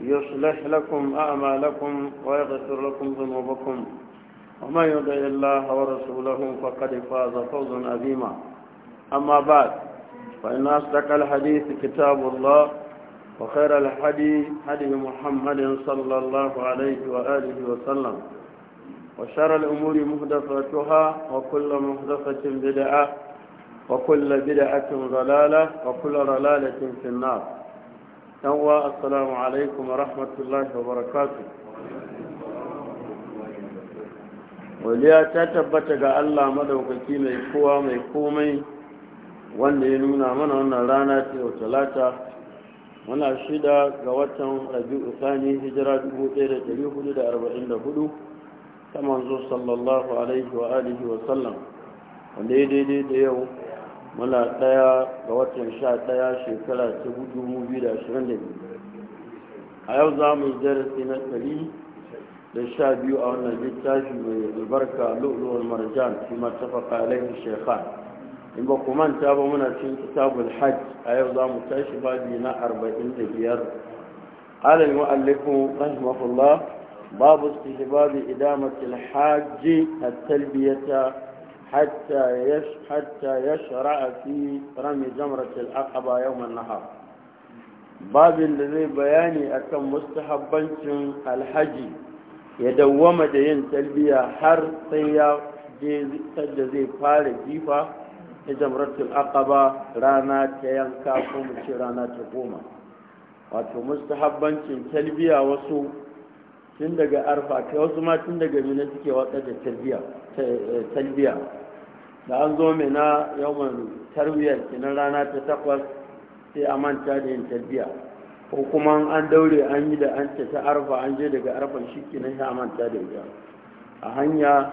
يصلح لكم أعمالكم ويغفر لكم ذنوبكم ومن يطع الله ورسوله فقد فاز فوزا عظيما أما بعد فإن أصدق الحديث كتاب الله وخير الحديث حديث محمد صلى الله عليه وآله وسلم وشر الأمور مهدفتها وكل مهدفة بدعة وكل بدعة ضلالة وكل ضلالة في النار yanwa assalamu alaikum wa rahmatullahi wa barakatu waliya ta tabbata ga allah madaukaki mai kowa mai komai wanda ya nuna mana wannan rana ta wa talata muna shida ga watan rabi'u sani hijira 1444 ta manzo sallallahu alaihi wa alihi wa sallam wanda ya daidai da yau muna ɗaya ga watan sha ɗaya shekara ta dubu biyu da ashirin da biyu a yau za mu darasi na ɗari da sha biyu a wannan littafi mai albarka lu'lu'ul marjan ta mattafaka alaihi shekhan in ba ku manta ba muna cin kitabul hajj a yau za mu tashi babi na arba'in da biyar alal mu'allifin rahimahullah babu istihbabi idamatil hajji a talbiyata حتى يش حتى يشرع في رمي جمرة الأقبى يوم النهار باب الذي بياني أكم مستحبا الحج يدوم دين تلبية حر طيب تجزي فارق جيفة جمرة الأقبى رانا تيانكا قوم رانا تقوم wato مستحبا تلبية وصول tun daga arfa kai wasu ma tun daga mina suke watsar da eh, talbiya da an zo na yawan tarbiyyar, kinan rana ta takwas sai a manta da yin talbiya ko kuma an daure an yi da an ce ta arfa an je daga arfan shi kinan a manta da ita a hanya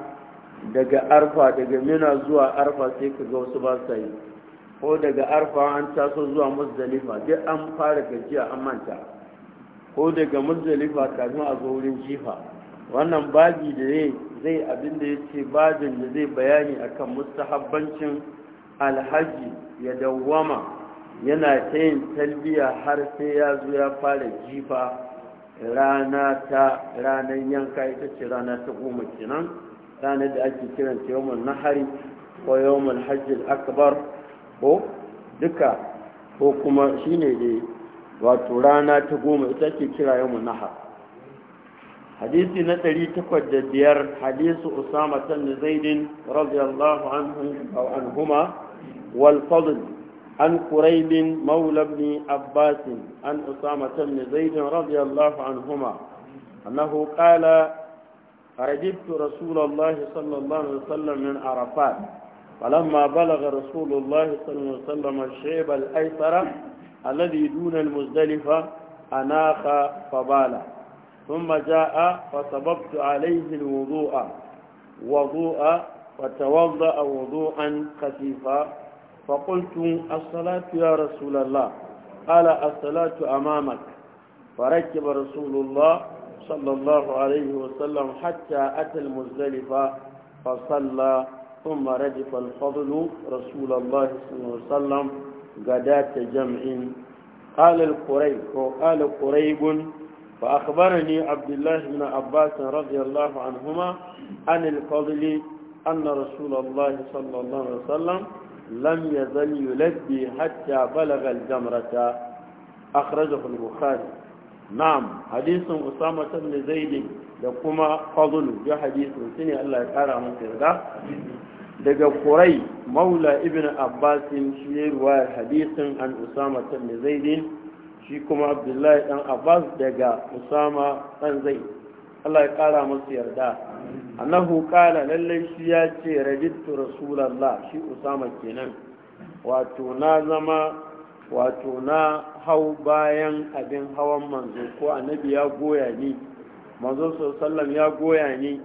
daga arfa daga mina zuwa arfa sai ka ga wasu ba sa yi ko daga arfa an taso zuwa musdalifa duk an fara gajiya an manta ko daga muzdalifa kafin a zo wurin jifa wannan baji da zai abin da ya ce bajin da zai bayani akan mustahabbancin alhaji ya dawwama yana ta yin talbiya har sai ya zo ya fara jifa rana ta ranar yanka ita ce rana ta goma kenan ranar da ake kiran ta yawon nahari ko yawon hajjil akbar ko duka ko kuma shine dai wato rana ta goma ita ke kira yau nahar hadisi na ɗari takwas da biyar hadisu usama tan zaidin radiyallahu huma, wal fadl an quraybin mawla ibn abbas an usama tan zaidin radiyallahu anhuma annahu qala عجبت Rasulallah, sallallahu alaihi الله عليه وسلم من عرفات فلما بلغ رسول الله صلى الله عليه وسلم الشعب الأيسر الذي دون المزدلفة أناخ فبال ثم جاء فصببت عليه الوضوء وضوء وتوضأ وضوءا خفيفا فقلت الصلاة يا رسول الله قال الصلاة أمامك فركب رسول الله صلى الله عليه وسلم حتى أتى المزدلفة فصلى ثم ردف الفضل رسول الله صلى الله عليه وسلم غداة جمع قال القريب قال قريب فأخبرني عبد الله بن عباس رضي الله عنهما عن الفضل أن رسول الله صلى الله عليه وسلم لم يزل يلبي حتى بلغ الجمرة أخرجه البخاري نعم حديث أسامة بن زيد لكما فضل بحديث سنة الله يقرأ من كذا daga kurai maula ibn abbasin shi ya ruwa hadisin an usama ta zaidin shi kuma abdullahi dan abbas daga usama dan zai allah ya kara masu yarda annahu kala lallai shi ya ce rajittu rasulallah shi usama kenan wato na zama wato na hau bayan abin hawan manzo ko annabi ya goya ni manzo sallam ya goya ni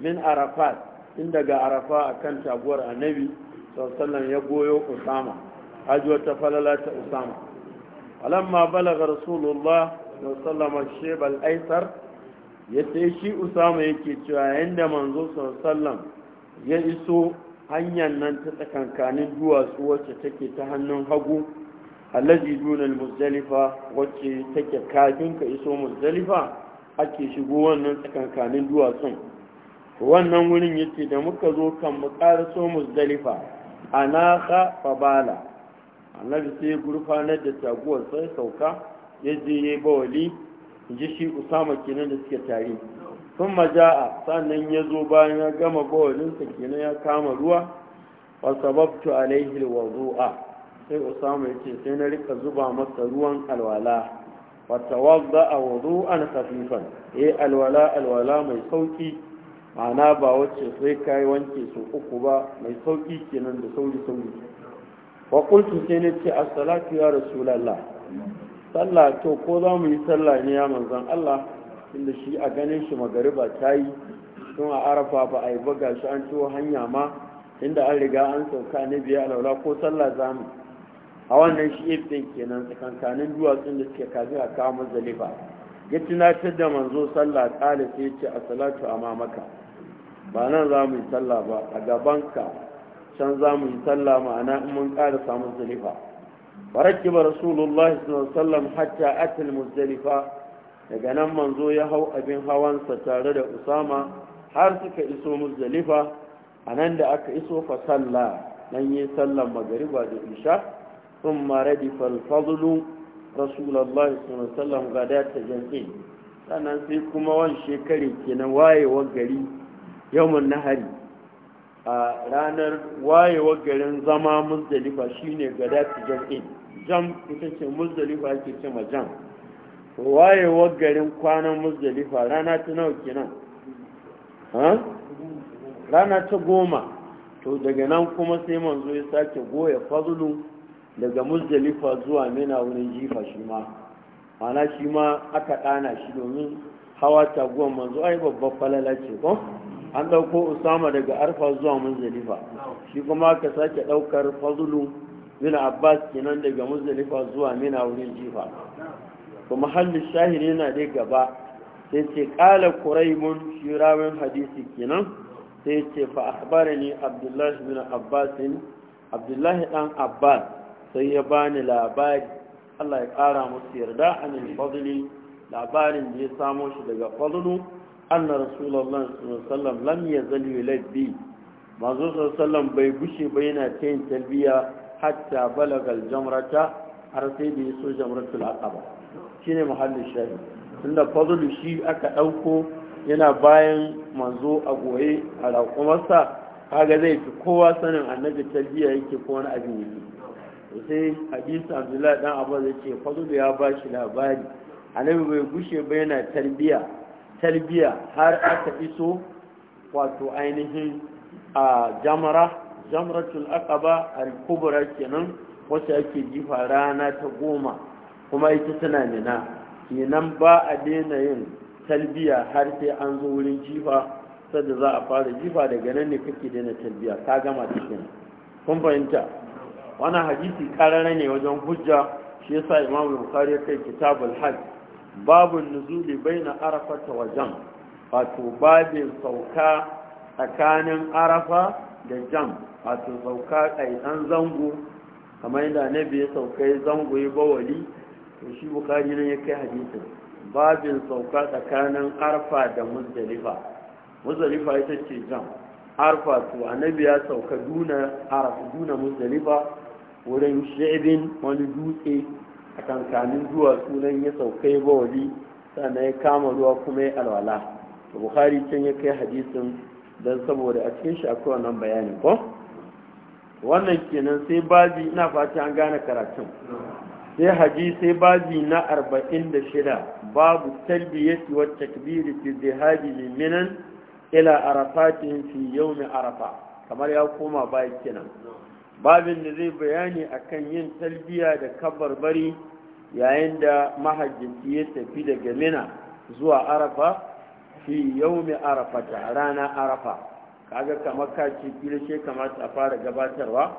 min arafat tun daga arafa a kan taguwar annabi sallallahu ya goyo usama hajjuwar ta falala ta usama alamma balaga rasulullah sallallahu shebal aisar ya ce shi usama yake cewa yadda manzo sallallahu ya iso hanyar nan ta tsakankanin duwatsu wacce take ta hannun hagu allazi dunal muzdalifa wacce take kafin ka iso muzdalifa ake shigo wannan tsakankanin duwatsun wannan wurin yace da muka zo kan mu karso muzdalifa anaka fabala annabi sai gurfanar da taguwar sai sauka ya je ya bawali ji shi usama kenan da suke tare sun maja'a sannan ya zo bayan ya gama bawalinsa kenan ya kama ruwa wa sababtu alaihi alwudu'a sai usama yace sai na rika zuba masa ruwan alwala wa tawadda wudu'an khafifan eh alwala alwala mai sauki ma'ana ba wacce sai ka yi wanke su uku ba mai sauƙi kenan da sauri sauri wa kultu sai na ce assalatu ya rasulallah sallah to ko za mu yi sallah ne ya manzan allah inda shi a ganin shi magariba ta yi tun a arafa ba a yi ba shi an ciwo hanya ma inda an riga an sauka ne biya alaula ko sallah za mu a wannan shi ifin kenan tsakankanin duwatsun da suke kafin a kawo mazalifa ya tunatar da manzo sallah kala sai ce a salatu a mamaka ba nan za mu yi sallah ba a gabanka can za mu yi sallah ma'ana in mun ƙara samun zulifa farakki ba rasulullah sallam hatta atil muzdalifa daga nan manzo ya hau abin hawansa tare da usama har suka iso muzdalifa a nan da aka iso fa sallah nan yi sallan magariba da isha sun maradi falfadlu rasulallah sallam gada ta jan'in sannan sai kuma wani shekari kenan wayewar gari yawon nahari a ranar wayewar garin zama muzdalifa shine gada ta jam'in jam ita ce muzdalifa ake ce ma jam wayewar garin kwanan muzdalifa rana ta nawa kenan rana ta goma to daga nan kuma sai manzo ya sake goya fazulu daga muzdalifa zuwa mina wurin jifa shi ma mana shi ma aka ɗana shi domin hawa taguwan manzo ai babbar falala ce ko an ɗauko usama daga arfa zuwa muzdalifa shi kuma ka sake ɗaukar fazulu bin abbas kenan daga muzdalifa zuwa mina wurin jifa kuma halin shahir yana dai gaba sai ce ƙala kuraimun shi rawin hadisi kenan sai ce fa akhbarani abdullahi bin abbasin abdullahi dan abbas sai ya bani labari Allah ya kara musu yarda anil fadli labarin da ya samo shi daga fadlu anna rasulullah sallallahu lam yazal yulabbi manzo sallallahu bai bushe ba yana ta talbiya hatta balagal jamrata har sai da yaso jamratul aqaba shine mahallin shahi tunda fadlu shi aka dauko yana bayan manzo a goye a raƙumarsa kaga zai fi kowa sanin annabi talbiya yake ko wani abin yake to sai hadisi abdullahi dan abu zai ce fadlu ya bashi labari annabi bai gushe ba yana talbiya talbiya har aka iso wato ainihin a jamara jamratul aqaba al-kubra kenan wacce ake jifa rana ta goma kuma ita tana nina kenan ba a daina yin talbiya har sai an zo wurin jifa sadda za a fara jifa daga nan ne kake daina talbiya ka gama ta kenan kun fahimta wannan hadisi karara ne wajen hujja shi yasa imamu bukhari ya kai kitabul hajj babu nuzuli na arafa ta wajen. wato babin sauka tsakanin arafa da jam wato sauka ɗan zango kamar yadda annabi ya sauka ya zango ya bawali to shi bukari nan ya kai hadisin babin sauka tsakanin arfa da muzdalifa muzdalifa ita ce jam arfa to annabi ya sauka duna arfa duna muzdalifa wurin shi'ibin wani dutse a kankanin zuwa sunan ya sauka ya bawali sannan ya kama ruwa kuma ya alwala to buhari can ya kai hadisin don saboda a cikin shi akwai wannan bayani ko wannan kenan sai baji ina fata an gane karatun sai haji sai baji na arba'in da shida babu talbiyati wa takbiri fi zihabi minan ila arafatin fi yawmi arafa kamar ya koma baya kenan babin da zai bayani akan yin talbiya da kabarbari yayin da mahajjinci ya tafi daga mina zuwa arafa fi yaumi arafa ta rana arafa kaga kamar ka ce kila kamata a fara gabatarwa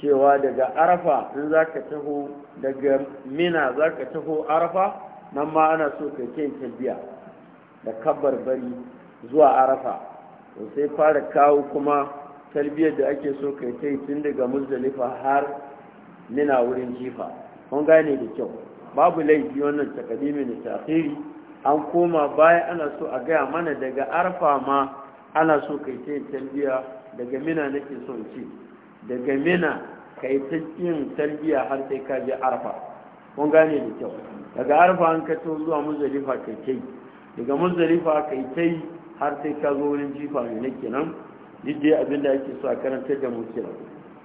cewa daga arafa in za ka taho daga mina za ka taho arafa nan ma ana so ka ce talbiya da kabarbari zuwa arafa sai fara kawo kuma tarbiyyar da ake so kai ta yi tun daga muzdalifa har mina wurin jifa kun gane da kyau babu laifi wannan takadimi da ta'khiri an koma baya ana so a gaya mana daga arfa ma ana so kai ta yi tarbiya daga mina nake so ce daga mina kai ta yin tarbiya har sai ka je arfa kun gane da kyau daga arfa an ka to zuwa muzdalifa kai ta yi daga muzdalifa kai ta yi har sai ka zo wurin jifa ne nake nan duk abinda abin da ake sa a karantar da mu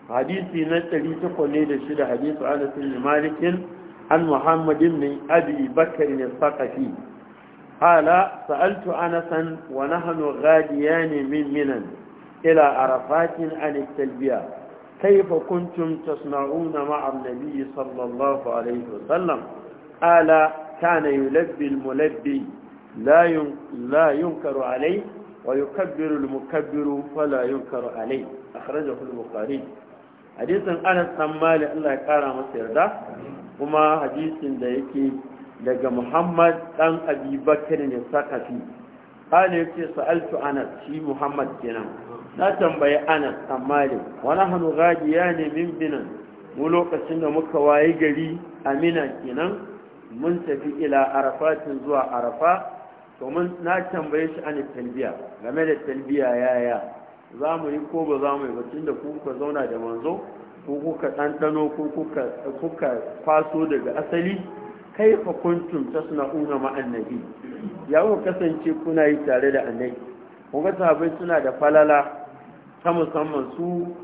hadisi na 806 hadisi Anas bin Malik an Muhammad bin Abi Bakr ne sakafi hala sa'altu Anasan wa nahnu ghadiyan min Minan ila Arafat an talbiya كيف كنتم تصنعون مع النبي صلى الله عليه وسلم قال كان يلبي الملبي لا لا ينكر عليه ويكبر المكبر فلا ينكر عليه أخرجه البخاري حديث أنس بن مالك الله يقرا مسير ده كما حديث ده yake daga Muhammad dan Abi Bakr ne sakafi kana yace sa'altu Anas shi Muhammad kenan na tambayi Anas dan Malik wa nahnu ghadiyani min binan mu lokacin da muka wayi gari Amina kenan mun tafi ila Arafatin zuwa Arafa domin na tambaye shi an talbiya game da talbiya yaya za mu yi ko ba za mu yi tun da kuka zauna da manzo ko kuka ɗanɗano ko kuka faso daga asali kai fa kuntum ta suna una ma'annabi ya ku kasance kuna yi tare da annabi ga sahabbai suna da falala ta musamman su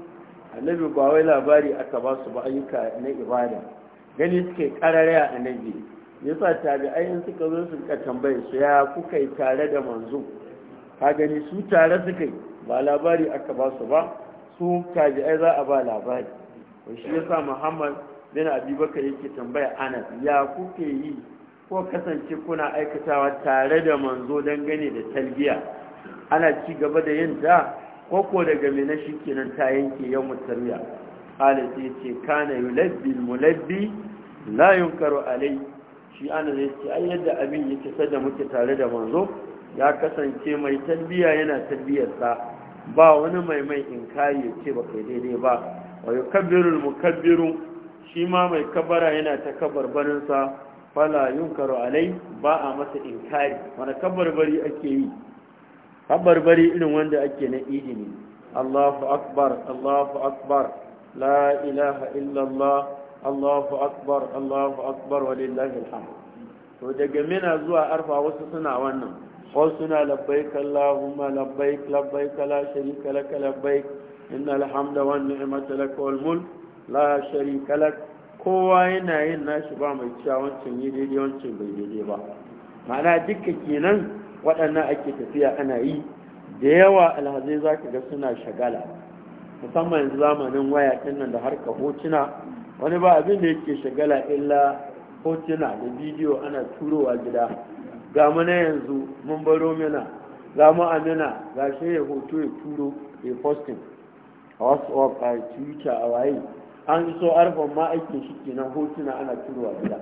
annabi ba wai labari aka ba su ba ayyuka na ibada gani suke karare a annabi yasa tabi'ai suka zo suka tambaye su ya kuka yi tare da manzo ka gani su tare suka yi ba labari aka ba su ba su tabi'ai za a ba labari shi yasa muhammad bin abubakar yake tambaya anas ya kuke yi ko kasance kuna aikatawa tare da manzo dangane da talbiya ana ci gaba da yin ta ko ko daga mina shi kenan ta yanke yau mutarwiya ala sai ce kana yulabbi mulabbi la yunkaru alai shi ana zai ce ai yadda abin yake da muke tare da manzo ya kasance mai talbiya yana talbiyarsa ba wani mai mai inkari ya ce ba kai daidai ba wa yukabbirul mukabbiru shi ma mai kabara yana ta sa fala yunkaru alai ba a masa inkari wani kabarbari ake yi kabarbari irin wanda ake na idi ne Allahu akbar Allahu akbar la ilaha illallah Allahu akbar Allahu akbar walillahi alhamd to daga mina zuwa arfa wasu suna wannan wasu suna labbaik Allahumma labbaik labbaik la sharika lak labbaik innal hamda wan ni'mata lak wal mulk la sharika lak kowa yana yin nashi ba mai cewa wancan yi daidai wancan bai daidai ba ma'ana duka kenan waɗannan ake tafiya ana yi da yawa alhazai za ka ga suna shagala musamman zamanin waya ɗin nan da harka hotuna wani ba abin da yake shagala illa hotuna da bidiyo ana turowa gida ga mana yanzu mun baro mina ga mu amina ga shi ya hoto ya turo ya posting a whatsapp a twitter a waye an iso arfan ma aikin shi kenan hotuna ana turowa gida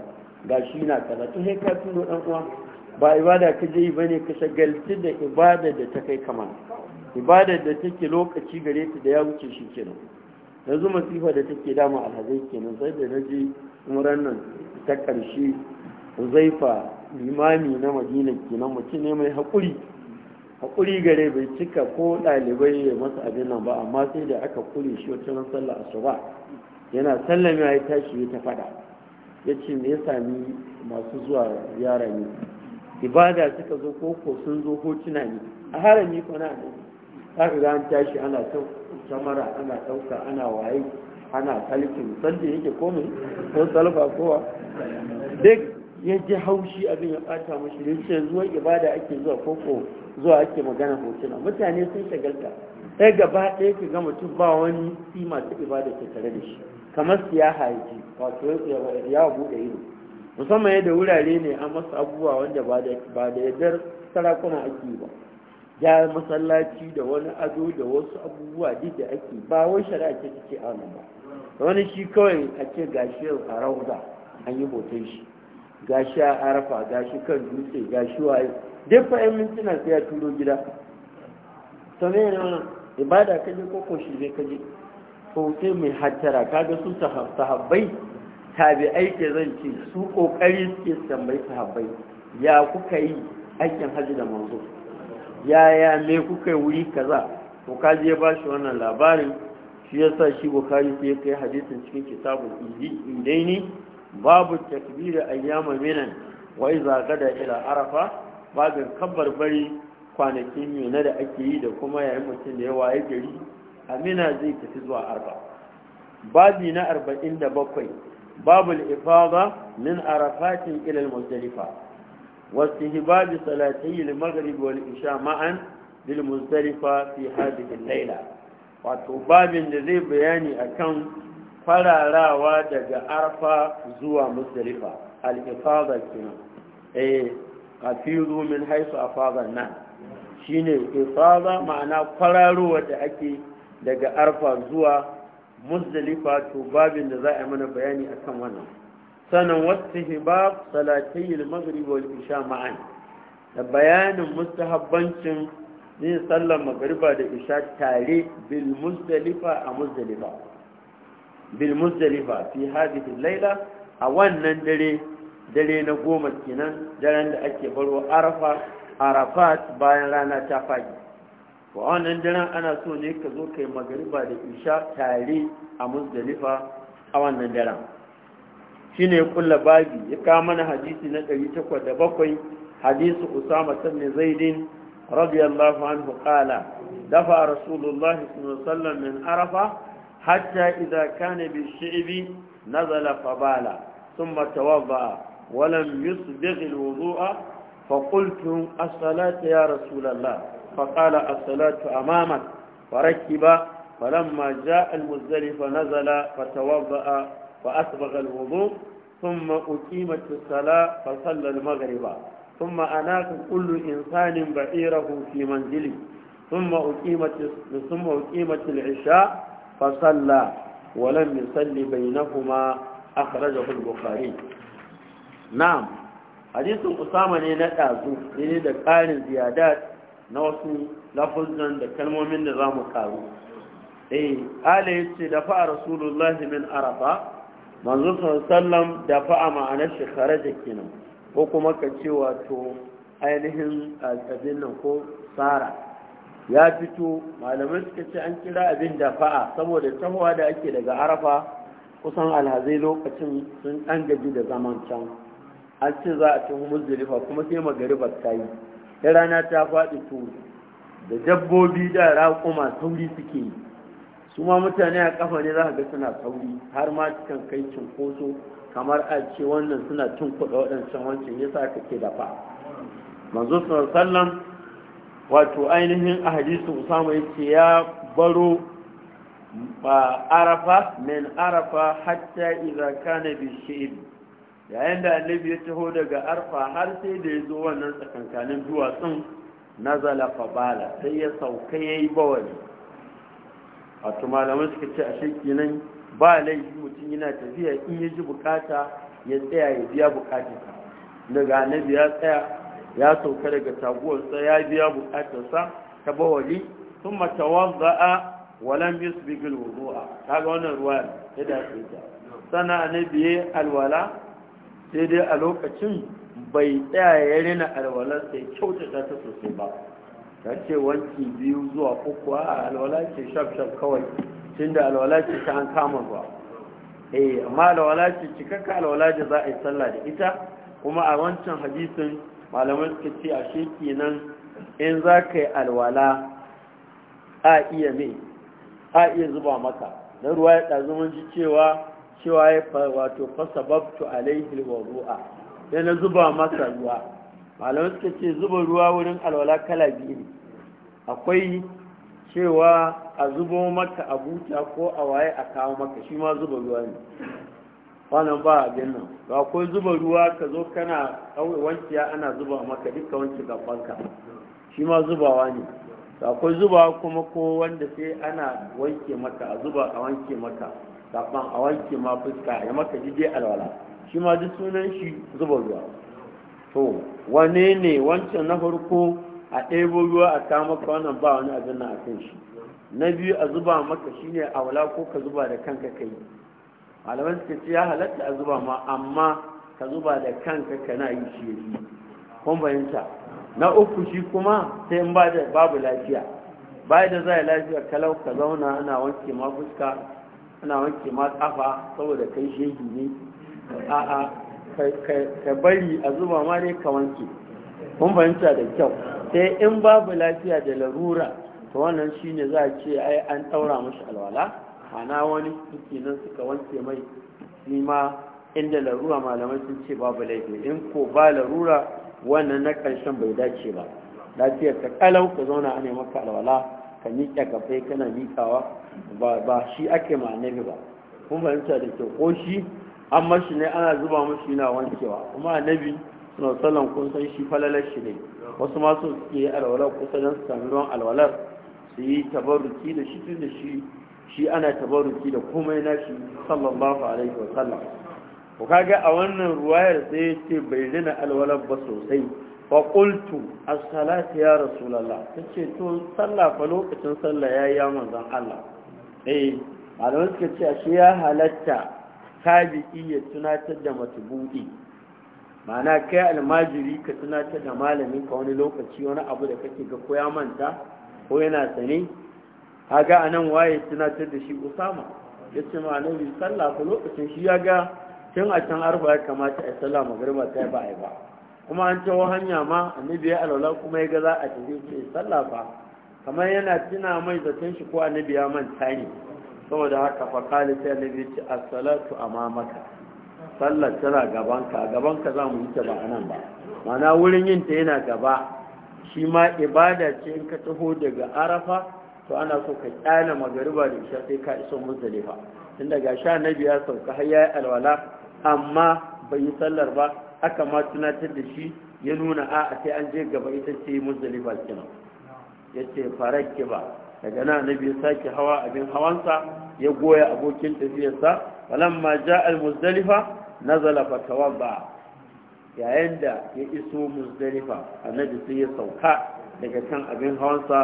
ga shi na kaza to sai ka turo dan uwa ba ibada ka je yi bane ka shagalci da ibada da ta kai kamar ibada da take lokaci gare ta da ya wuce shi kenan yanzu masifa da take dama alhazai kenan sai da naji umran nan ta karshe uzaifa limami na madina kenan mutum ne mai haƙuri haƙuri gare bai cika ko ɗalibai ya masa abin nan ba amma sai da aka kure shi wata nan sallah asuba yana sallame ya tashi ya ta faɗa ya ce me ya sami masu zuwa ziyara ne ibada suka zo ko sun zo hotuna ne a harami kwana ne za ga an tashi ana sau samara ana ɗauka ana waye ana kalkin sanda yake komai ko salfa kowa duk ya ji haushi abin ya bata mashi da ce zuwa ibada ake zuwa koko zuwa ake magana hotuna mutane sun shagalta sai gaba ɗaya ka ga mutum ba wani sima ta ibada ke tare da shi kamar siyaha yake wato ya buɗe ido musamman yadda wurare ne an masa abubuwa wanda ba da yadda sarakuna ake yi ba ya masallaci da wani ado da wasu abubuwa duk da ake ba wai shari'a ce take anan ba wani shi kawai a ce gashi a rauda an yi hoton shi gashi a arafa gashi kan dutse gashi waye duk fa yan mintuna sai ya turo gida to me ne wannan ibada ka je ko shi zai ka je ko sai mai hattara kaga su sahabbai tabi'ai ke zan ce su kokari suke tambayi sahabbai ya kuka yi aikin hajji da manzo yaya me kuka wuri kaza to kaji ya bashi wannan labarin shi yasa shi bukari sai kai hadisin cikin kitabul idaini babu takbiri ayyama minan wa iza gada ila arafa babin kabbar bari kwanakin mina da ake yi da kuma yayin mutum da ya waye gari amina zai tafi zuwa arba babi na arba'in da bakwai babu ifada min arafatin ilal muzdalifa واستهباب صلاتي المغرب والعشاء معا بالمزدلفة في هذه الليلة وتباب الذي بياني أكون فلا لا وادج أرفا زوى مزدلفة الإفاضة كنا إيه قفيضوا من حيث أفاض الناس shine ifada ma'ana kwararowa da ake daga arfa zuwa muzdalifa to babin da za a yi mana bayani akan wannan sanan wastihbab salatay al-maghrib wal isha ma'an da bayanin mustahabbancin yin sallar Magariba da isha tare bil muzdalifa a muzdalifa bil muzdalifa fi hadhihi layla a wannan dare dare na goma kenan daren da ake baro arafa arafat bayan rana ta fagi wa wannan daren ana so ne ka zo kai magariba da isha tare a muzdalifa a wannan daren shi ne kulla babi ya kama na hadisi na 807 hadisi usama sannin zaidin radiyallahu an hukala dafa rasulullah sallallahu min arafa hatta idza kana bi shi'bi nazala fabala thumma tawadda wa lam yusbigh alwudu'a fa qultu as-salatu ya rasulullah fa qala as-salatu amamak fa rakiba fa lamma jaa al-muzdalifa nazala fa tawadda فأسبغ الوضوء ثم أقيمت الصلاة فصلى المغرب ثم أناق كل إنسان بعيره في منزله ثم أقيمت ثم أقيمت العشاء فصلى ولم يصل بينهما أخرجه البخاري نعم حديث أسامة نتعزو لذلك قال زيادات نوصي لفظا لكلمة من نظام قالوا إيه قال يتدفع رسول الله من أرفا manzo sallam da fa'a ma'anar shi da kenan ko kuma ka ce wato ainihin abin ko tsara ya fito malamai suka ce an kira abin da fa'a saboda tahowa da ake daga arafa kusan alhazai lokacin sun angaji gaji da zaman can an ce za a ci muzdalifa kuma sai magaribar ta yi Yarana rana ta faɗi to da dabbobi da raƙuma sauri suke yi su ma mutane a kafa ne za ga suna sauri har ma kan kai cinkoso kamar a ce wannan suna cin kuɗa waɗancan wancan ya sa kake fa. manzo sallam wato ainihin a usama ya ce ya baro arafa min arafa hatta idza kana bi shi'ib yayin da annabi ya taho daga arfa har sai da ya zo wannan tsakankanin duwatsun nazala fabala sai ya sauka yayi bawali wato malamai suka ce a nan, ba laifi mutum yana tafiya in ya ji bukata ya tsaya ya biya bukatarsa daga annabi ya tsaya ya sauka daga taguwarsa ya biya bukatarsa ta bawali sun bis bigil wuzuwa Ta ga wannan ruwa ya dace ta sana annabi ya alwala sai dai a lokacin bai tsaya ya rina alwalar sai kyautata ta sosai ba ta ce wanki biyu zuwa uku a alwala ce shaf-shaf kawai tunda alwala ce ta an kama zuwa eh amma alwala ce cikakka alwala da za a yi sallah da ita kuma a wancan hadisin malamai suka ce a sheki nan in za ka yi alwala a iya me a iya zuba maka na ruwa ya ɗazu mun ji cewa cewa ya wato fasababtu alaihi wa ru'a yana zuba masa ruwa malamai suka ce zuba ruwa wurin alwala kala biyu ne akwai cewa a zubo maka a buta ko a waye a kawo maka shi ma zuba ruwa ne wannan ba abin nan ba akwai zuba ruwa ka zo kana wanciya ana zuba maka duka wanki gabanka shi ma zubawa ne akwai zuba kuma ko wanda sai ana wanke maka a zuba a wanke maka gaban a wanke ma fuska ya maka jide alwala shi ma duk sunan shi zuba ruwa to wane ne wancan na farko a ɗebo ruwa a ta maka wannan ba wani abin na a kan shi na biyu a zuba maka shine a wala ko ka zuba da kanka kai malaman suka ce ya halatta a zuba ma amma ka zuba da kanka kana yi shi yi kun bayanta na uku shi kuma sai in ba da babu lafiya baya da za lafiya kalau ka zauna ana wanke ma fuska ana wanke ma kafa saboda kai shegi ne a'a ka bari a zuba ma dai ka wanke kun fahimta da kyau sai in babu lafiya da larura to wannan shine za a ce ai an daura mashi alwala ana wani suke nan suka wanke mai shi ma inda larura malamai sun ce babu laifi in ko ba larura wannan na karshen bai dace ba lafiyar ka kalau ka zauna ana maka alwala ka miƙa kafai kana miƙawa ba shi ake ma annabi ba kun fahimta da kyau ko shi an mashi ne ana zuba mashi yana wankewa kuma annabi suna sallan kun san shi falalar shi ne wasu masu suke yi alwalar kusa don su sami ruwan alwalar su yi tabaruki da shi tun da shi shi ana tabaruki da komai na shi fa alaihi wa sallam ku kaga a wannan ruwayar sai ya ce bai rina alwalar ba sosai fa qultu as-salatu ya rasulullah tace to sallah fa lokacin sallah yayi ya manzon Allah eh malaman suka ce ashe ya halatta tabi'i ya tunatar da matubuɗi ma'ana kai almajiri ka tunatar da malamin ka wani lokaci wani abu da kake ga ko ya manta ko yana sane haga anan waye tunatar da shi usama ya ce ma annabi sallah lokacin shi ya ga tun a can arba ya kamata a sallah magriba ta ba ai ba kuma an tawo hanya ma annabi ya alwala kuma ya ga za a tafi sai sallah kamar yana tuna mai zaton shi ko annabi ya manta ne saboda haka faƙali sai annabi ce as-salatu amamaka sallar tana gabanka gabanka za mu yi ta ba anan ba mana wurin yin ta yana gaba shi ma ibada ce in ka taho daga arafa to ana so ka kyale magariba da isha sai ka iso muzdalifa tun daga sha annabi ya sauka har yayi alwala amma bai yi sallar ba aka ma tunatar da shi ya nuna a'a sai an je gaba ita ce muzdalifa kenan yace farakki ba daga nan nabi ya sake hawa abin hawansa ya goya abokin tafiyarsa falamma ja al-muzdalifa nazala tawadda yayin da ya iso muzdalifa annabi sai ya sauka daga kan abin hawansa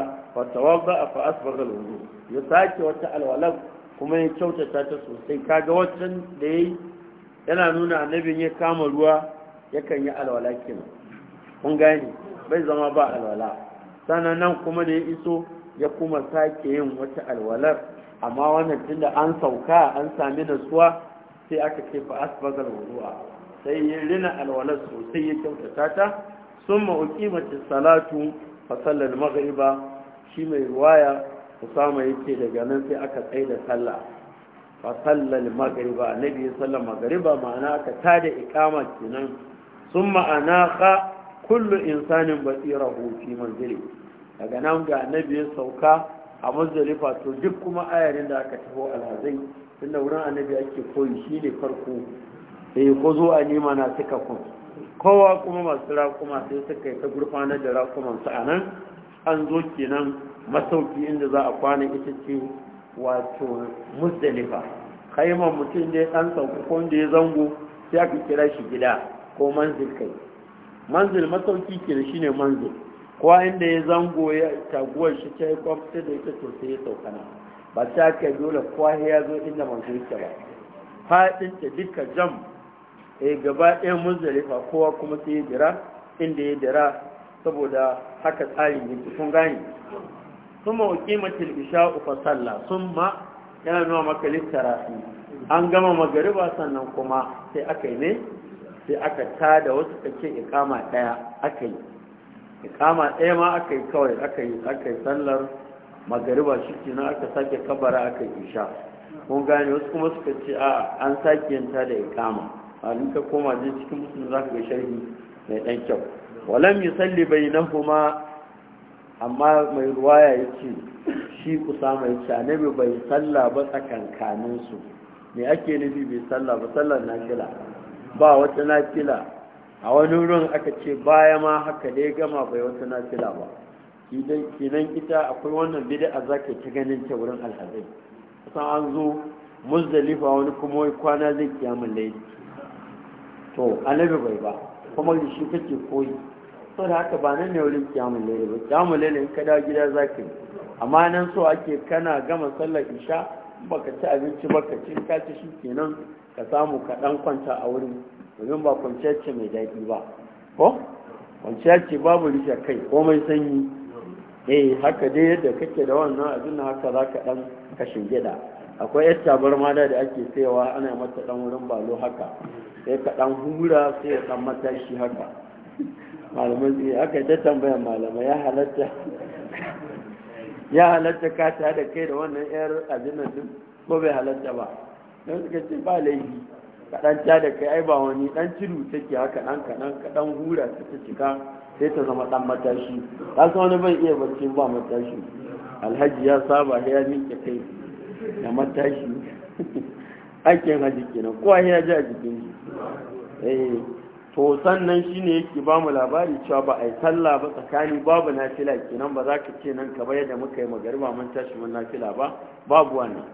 tawadda fa asbagha al-wudu ya sake wata alwalab kuma ya kyautata ta sosai kaga wancan da yayi yana nuna annabin ya kama ruwa yakan yi alwala kun gani bai zama ba alwala sannan nan kuma da ya iso ya kuma sake yin wata alwalar amma wannan tunda an sauka an sami nasuwa sai aka ce fa asbagal wudu'a sai ya rina alwalar sosai ya kyautata ta summa mace salatu fa magariba shi mai ruwaya kusama yake daga nan sai aka tsaye da sallah Fasallar magariba, maghriba nabi sallallahu maghriba ma'ana aka tada iqama kenan sun summa anaqa kullu insanin basirahu fi manzilihi daga nan ga annabi ya sauka a mazalifa to duk kuma ayarin da aka taho alhazai tunda wurin annabi ake koyi shi ne farko sai eh, ko zo a nima na suka kun kowa kuma masu raƙuma sai suka yi ta gurfana da raƙumansu a nan an zo kenan masauki inda za a kwana ita ce wato kai kaiman mutum da ya ɗan sauka ko da ya zango sai aka kira shi gida ko manzil kai manzil masauki kenan shine manzil kowa inda ya zango ya taguwar shi ta yi kwamfuta da ita to sai ya saukana ba ta ka dole kowa ya zo inda manzo yake ba faɗin ta duka jam e gaba ɗaya muzdalifa kowa kuma sai ya dira inda ya dira saboda haka tsarin gani kun gane summa uqimatil isha'u ufa salla ma yana nuna maka littarafi an gama magariba sannan kuma sai aka yi ne sai aka ta da wasu ɗake ikama ɗaya aka yi ikama ɗaya ma aka yi kawai aka yi aka yi sallar magariba shi ke nan aka sake kabara aka yi isha kun gane wasu kuma suka ce a an sake yanta da ikama a ka koma je cikin musulun za ka ga sharhi mai ɗan kyau walam yi salli bai na kuma amma mai ruwaya ya ce shi kusa mai ce annabi bai salla ba su me ake nufi bai salla ba sallar nafila ba wata nafila a wani ruwan aka ce baya ma haka dai gama bai wata nafila ba kenan ita akwai wannan bid'a a zaka ta ganin ta wurin alhazai kusan an zo muzdalifa wani kuma kwana zai kiyamun laili to annabi bai ba kuma da shi kake koyi so da haka ba nan ne wurin kiyamun laili ba kiyamun laili in ka dawo gida zaka yi amma nan so ake kana gama sallar isha baka ci abinci baka ci ka ci shi kenan ka samu ka dan kwanta a wurin domin ba kwanciyar ce mai daɗi ba ko kwanciyar ce babu rike kai komai sanyi eh haka dai yadda kake da wannan abin haka za ka ɗan kashin gida akwai yar tabarma da ake sayawa ana mata ɗan wurin balo haka sai ka ɗan hura sai ya ɗan matashi haka malamai zai aka ta tambayar malamai ya halatta ya halatta ka ta da kai da wannan yar abin nan ko bai halatta ba don suka ce ba laifi kaɗan ja da kai ai ba wani ɗan cidu take haka ɗan kaɗan kaɗan hura ta ta cika sai ta zama ɗan matashi ta san wani bai iya barci ba matashi alhaji ya saba ya miƙe kai da matashi aikin haji kenan a ya ji a jikin shi eh to sannan shine yake ba mu labari cewa ba ayi sallah ba tsakani babu nafila kenan ba za ka ce nan ka bayar da muka yi magariba mun tashi mun nafila ba babu wannan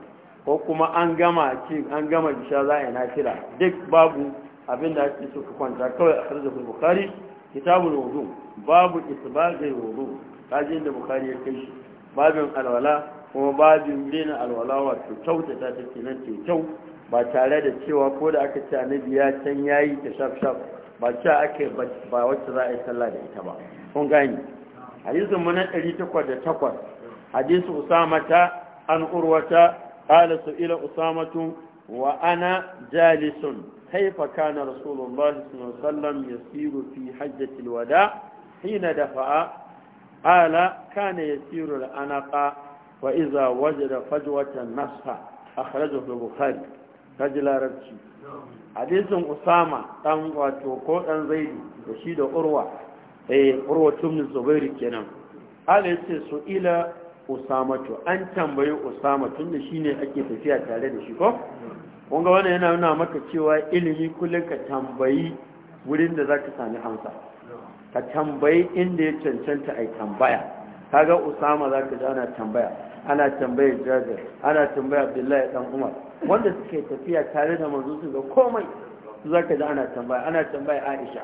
ko kuma an gama ci an gama isha za a yi nafila duk babu abin da ake so ka kwanta kawai a karza bukari kitabun wudu babu isbagai wudu kajin da bukari ya kai shi babin alwala kuma babin rena alwala wato kyautata ta nan ce kyau ba tare da cewa ko da aka ce annabi ya can yayi ta shaf shaf ba ce ake ba wacce za a yi sallah da ita ba kun gani hadisin mu na 808 hadisi ta an urwata قال سئل أسامة وأنا جالس كيف كان رسول الله صلى الله عليه وسلم يسير في حجة الوداع حين دفع قال كان يسير الأنقى وإذا وجد فجوة نفسها أخرجه البخاري رجل ربشي حديث أسامة تم وتوكو أن زيد وشيد أروى أي أروى تمن الزبير كنا قال سئل usamatu an tambayi usama tun da shine ake tafiya tare da shi ko kunga wannan yana nuna maka cewa ilimi kullum ka tambayi wurin da zaka sami amsa ka tambayi inda ya cancanta a tambaya kaga usama zaka ji ana tambaya ana tambayar jabir ana tambayar abdullahi dan umar wanda suke tafiya tare da manzo su ga komai zaka ji ana tambaya ana tambaya aisha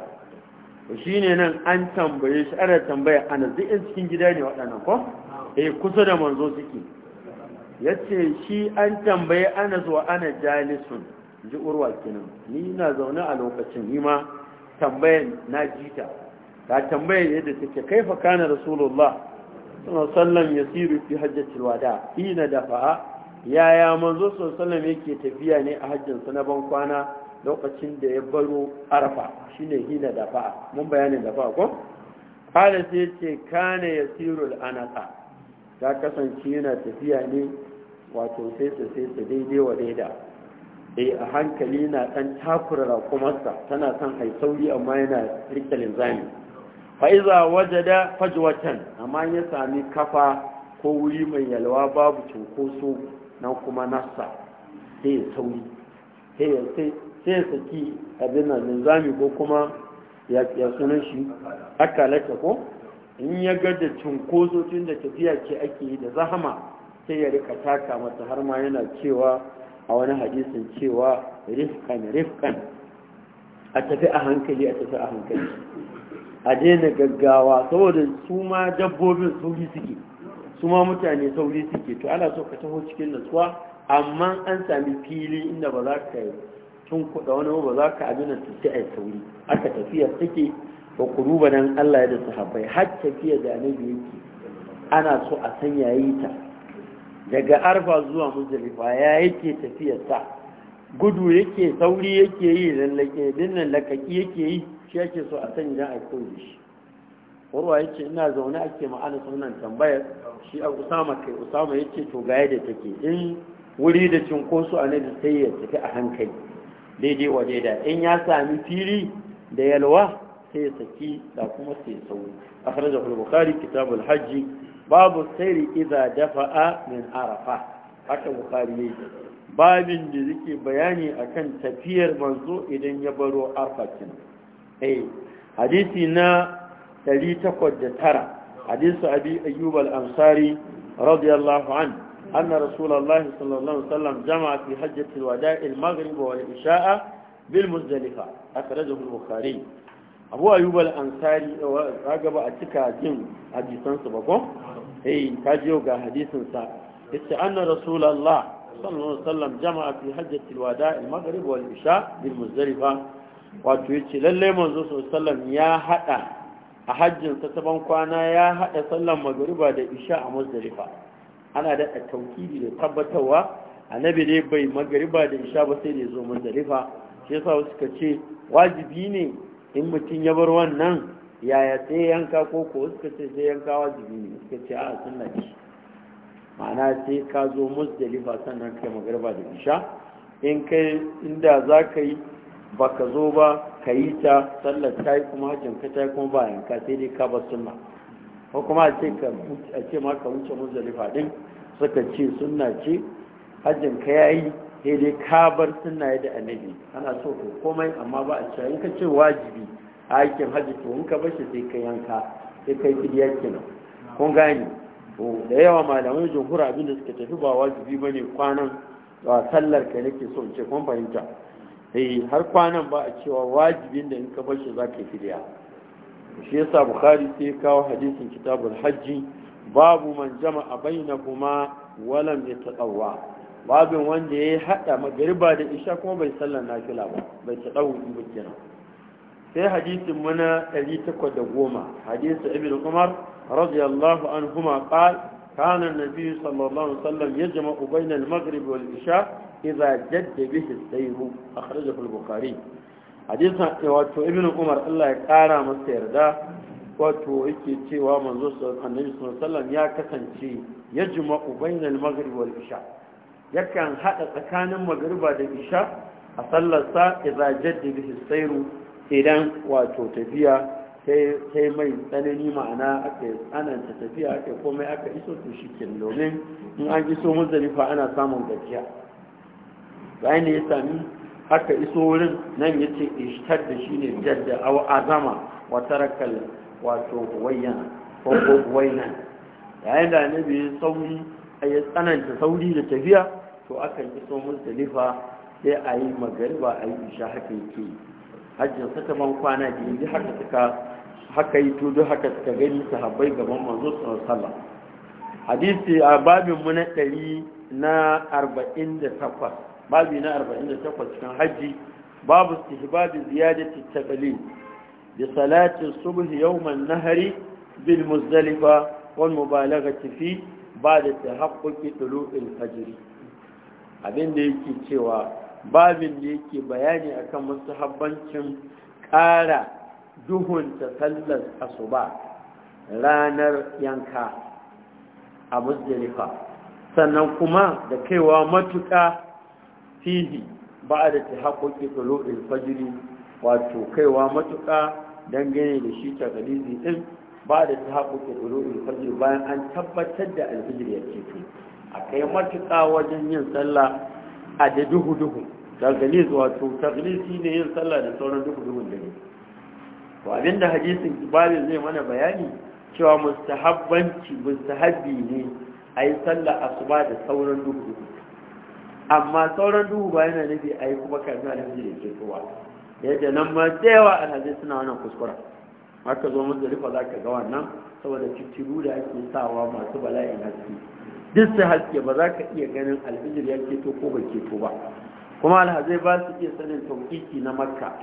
shi ne nan an tambaye shi ana tambaya ana duk cikin gida ne waɗannan ko eh kusa da manzo suke yace shi an tambaye ana zuwa ana jalisun ji urwa kenan ni na zaune a lokacin ni ma tambayan na jita ta tambaye yadda take kaifa kana rasulullah sallallahu alaihi yasiru fi hajjatil wada hina dafa ah, yaya manzo sallallahu yake tafiya ne a sa na ban kwana lokacin da ya baro arafa shine hina dafa mun bayanin dafa ko qala sai ce kana yasirul anasa ta kasance yana tafiya ne wato sai ta sai ta daidai wa daida eh a hankali na ɗan takura raƙumarsa tana son hai sauri amma yana rike linzami fa'iza waje wajada fajwatan amma ya sami kafa ko wuri mai yalwa babu cunkoso nan kuma nasa sai ya sauri sai ya saki abin nan linzami ko kuma ya sunan shi lake ko in ya ga da cunkoso tun da tafiya ce ake yi da zahama sai ya rika taka mata har ma yana cewa a wani hadisin cewa rifkan rifkan a tafi a hankali a tafi a hankali a daina gaggawa saboda su ma dabbobin sauri suke su ma mutane sauri suke to ana so ka taho cikin nasuwa amma an sami fili inda ba za ka yi tun kuɗa wani ba za ka abinan da sai a sauri aka tafiya take wa kuruba nan Allah ya da sahabbai har tafiya da annabi yake ana so a san yayi ta daga arfa zuwa muzdalifa ya yake tafiyar ta gudu yake sauri yake yi lallake dinnan lakaki yake yi shi yake so a san idan a koyi shi warwa yace ina zaune ake ma'ana sunan tambayar shi a usama kai usama yace to ga yadda take in wuri da cinkoso a nan sai ya tafi a hankali daidai wa daidai in ya sami fili da yalwa sai ya saki da kuma sai ya sauri a al-bukhari kitab al-hajj babu sayri dafa a min arafa haka bukari ne babin da yake bayani akan tafiyar manzo idan ya baro arfakin eh hadisi na 809 hadisu abi ayyub al-ansari radiyallahu anhu أن رسول الله صلى الله عليه وسلم جمع في حجة الوداع المغرب والإشاء بالمزدلفة أخرجه البخاري abu ayuba al-ansari kaga ba a cika jin hadisansu bako ba ko eh, ka ji ga hadisin ita an anna rasulallah sallallahu sallam jama'a fi hajjati wada al-maghrib wal isha bil muzdalifa wato yace lalle manzo sallallahu ya hada a hajjin sa ta kwana ya hada sallan maghriba da isha a muzdalifa ana da taukidi da tabbatarwa annabi dai bai maghriba da isha ba sai da zo muzdalifa shi yasa suka ce wajibi ne in mutum ya bar wannan yaya sai yanka ko ko suka ce sai yanka wajibi ne suka ce a sunna ce ma'ana sai ka zo musdalifa sannan kai magarba da isha in kai inda za ka yi ba ka zo ba ka yi ta sallar ta yi kuma hajjin ka ta yi kuma ba yanka sai dai ka bar sunna ko kuma a ce ka wuce musdalifa din suka ce sunna ce hajjin ka ya yi sai dai ka bar sunna da annabi ana so ko komai amma ba a cewa in ka ce wajibi a aikin hajji to in ka bar shi sai ka yanka sai ka yi fidiya kenan kun gani to da yawa malamai jumhur abin da suka tafi ba wajibi bane kwanan ba sallar ka nake so in ce kun fahimta sai eh, har kwanan ba a cewa wajibin da in ka bar shi za ka fidiya shi yasa bukhari sai kawo hadisin kitabul hajji babu man jama'a bainahuma walam yataqawwa babin wanda ya haɗa magariba da isha kuma bai sallar fila ba bai ta ɗau ba kenan sai hadisin muna 810 hadisin ibn umar radiyallahu anhuma qal kana an-nabi sallallahu alaihi wasallam yajma'u bayna al-maghrib wal isha idza jadda bihi as-sayr akhrajahu al-bukhari hadisin wato ibn umar Allah ya kara masa yarda wato yake cewa manzo sallallahu alaihi wasallam ya kasance yajma'u bayna al-maghrib wal isha yakan haɗa tsakanin magariba da isha a sallarsa idza jaddi bihi sayru idan wato tafiya sai mai tsanani ma'ana aka tsananta tafiya aka komai aka iso to shi domin in an iso muzdalifa ana samun gajiya bayan ne ya sami aka iso wurin nan ya ce ishtar da shi ne jadda awa azama wata rakal wato wayan ko wayan yayin da annabi sauri ya tsananta sauri da tafiya to akan iso muzdalifa sai a yi magariba a yi isha haka yake hajjin saka ban kwana biyu haka suka haka yi tudu haka suka gani sahabbai gaban manzo sallah. hadisi a babin mu na ɗari na arba'in da takwas babi na arba'in da takwas cikin hajji babu istihbabi ziyadati taqlid bi salati subh yawm an-nahri bil muzdalifa wal mubalaghati fi ba'da tahaqquqi tulu'il fajr abin da yake cewa babin da yake bayani akan musahabbancin ƙara duhunta sallar asuba ranar yanka a musdalifa sannan kuma da kaiwa matuƙa fihi ba a da ta haƙoƙi tsolobin fajiri wato kaiwa matuƙa dangane da shi tagalizi ɗin ba da ta haƙoƙi tsolobin fajiri bayan an tabbatar da alfijir ya ce a kai matuƙa wajen yin sallah a da duhu-duhu tagalis wato taglisi ne yin sallah da sauran duhu-duhun da ne to abinda hadisin kibalin zai mana bayani cewa mustahabbanci mustahabbi ne a yi sallah asuba da sauran duhu-duhu amma sauran duhu ba yana nufi a yi kuma a alhaji da ke kowa yadda nan ma tsayawa alhaji suna wannan kuskura haka zo mun da rufa za ka ga wannan saboda fitilu da ake sawa masu bala'in haske duk su haske ba za ka iya ganin alhijir ya keto ko ba keto ba kuma alhazai ba su iya sanin taukiki na makka